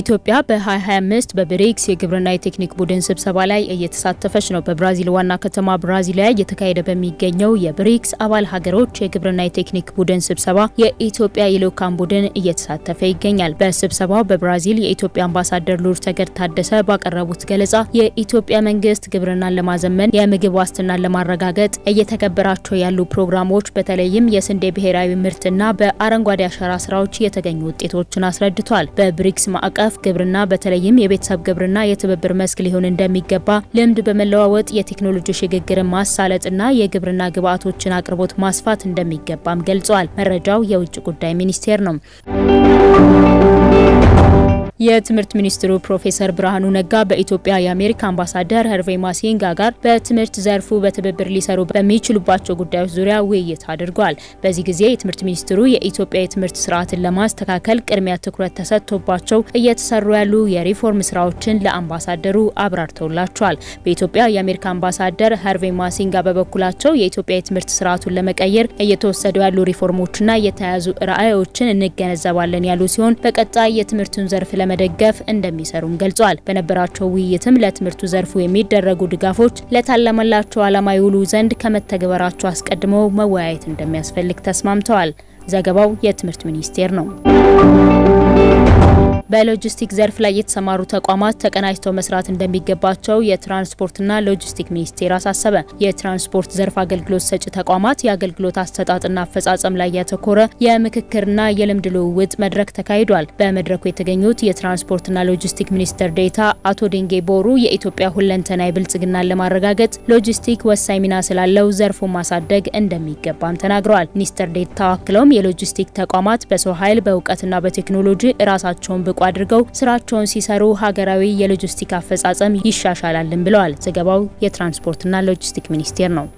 ኢትዮጵያ በ2025 በብሪክስ የግብርና የቴክኒክ ቡድን ስብሰባ ላይ እየተሳተፈች ነው። በብራዚል ዋና ከተማ ብራዚሊያ እየተካሄደ በሚገኘው የብሪክስ አባል ሀገሮች የግብርና የቴክኒክ ቡድን ስብሰባ የኢትዮጵያ የልኡካን ቡድን እየተሳተፈ ይገኛል። በስብሰባው በብራዚል የኢትዮጵያ አምባሳደር ሉር ተገድ ታደሰ ባቀረቡት ገለጻ የኢትዮጵያ መንግስት ግብርናን ለማዘመን የምግብ ዋስትናን ለማረጋገጥ እየተከበራቸው ያሉ ፕሮግራሞች በተለይም የስንዴ ብሔራዊ ምርትና በአረንጓዴ አሻራ ስራዎች የተገኙ ውጤቶችን አስረድቷል። በብሪክስ ማዕቀ አቀፍ ግብርና በተለይም የቤተሰብ ግብርና የትብብር መስክ ሊሆን እንደሚገባ ልምድ በመለዋወጥ የቴክኖሎጂ ሽግግርን ማሳለጥና የግብርና ግብዓቶችን አቅርቦት ማስፋት እንደሚገባም ገልጸዋል። መረጃው የውጭ ጉዳይ ሚኒስቴር ነው። የትምህርት ሚኒስትሩ ፕሮፌሰር ብርሃኑ ነጋ በኢትዮጵያ የአሜሪካ አምባሳደር ሀርቬ ማሲንጋ ጋር በትምህርት ዘርፉ በትብብር ሊሰሩ በሚችሉባቸው ጉዳዮች ዙሪያ ውይይት አድርጓል። በዚህ ጊዜ የትምህርት ሚኒስትሩ የኢትዮጵያ የትምህርት ስርዓትን ለማስተካከል ቅድሚያ ትኩረት ተሰጥቶባቸው እየተሰሩ ያሉ የሪፎርም ስራዎችን ለአምባሳደሩ አብራርተውላቸዋል። በኢትዮጵያ የአሜሪካ አምባሳደር ሀርቬ ማሲንጋ በበኩላቸው የኢትዮጵያ የትምህርት ስርዓቱን ለመቀየር እየተወሰዱ ያሉ ሪፎርሞችና የተያዙ ራዕዮችን እንገነዘባለን ያሉ ሲሆን በቀጣይ የትምህርቱን ዘርፍ ለመደገፍ እንደሚሰሩም ገልጿል። በነበራቸው ውይይትም ለትምህርቱ ዘርፉ የሚደረጉ ድጋፎች ለታለመላቸው ዓላማ ይውሉ ዘንድ ከመተግበራቸው አስቀድሞ መወያየት እንደሚያስፈልግ ተስማምተዋል። ዘገባው የትምህርት ሚኒስቴር ነው። በሎጂስቲክ ዘርፍ ላይ የተሰማሩ ተቋማት ተቀናጅተው መስራት እንደሚገባቸው የትራንስፖርትና ሎጂስቲክ ሚኒስቴር አሳሰበ። የትራንስፖርት ዘርፍ አገልግሎት ሰጪ ተቋማት የአገልግሎት አሰጣጥና አፈጻጸም ላይ ያተኮረ የምክክርና የልምድ ልውውጥ መድረክ ተካሂዷል። በመድረኩ የተገኙት የትራንስፖርትና ሎጂስቲክ ሚኒስትር ዴታ አቶ ዴንጌ ቦሩ የኢትዮጵያ ሁለንተናዊ ብልጽግናን ለማረጋገጥ ሎጂስቲክ ወሳኝ ሚና ስላለው ዘርፉን ማሳደግ እንደሚገባም ተናግረዋል። ሚኒስትር ዴታ አክለውም የሎጂስቲክ ተቋማት በሰው ኃይል በእውቀትና በቴክኖሎጂ ራሳቸውን እንዲጠብቁ አድርገው ስራቸውን ሲሰሩ ሀገራዊ የሎጂስቲክ አፈጻጸም ይሻሻላልን ብለዋል። ዘገባው የትራንስፖርትና ሎጂስቲክ ሚኒስቴር ነው።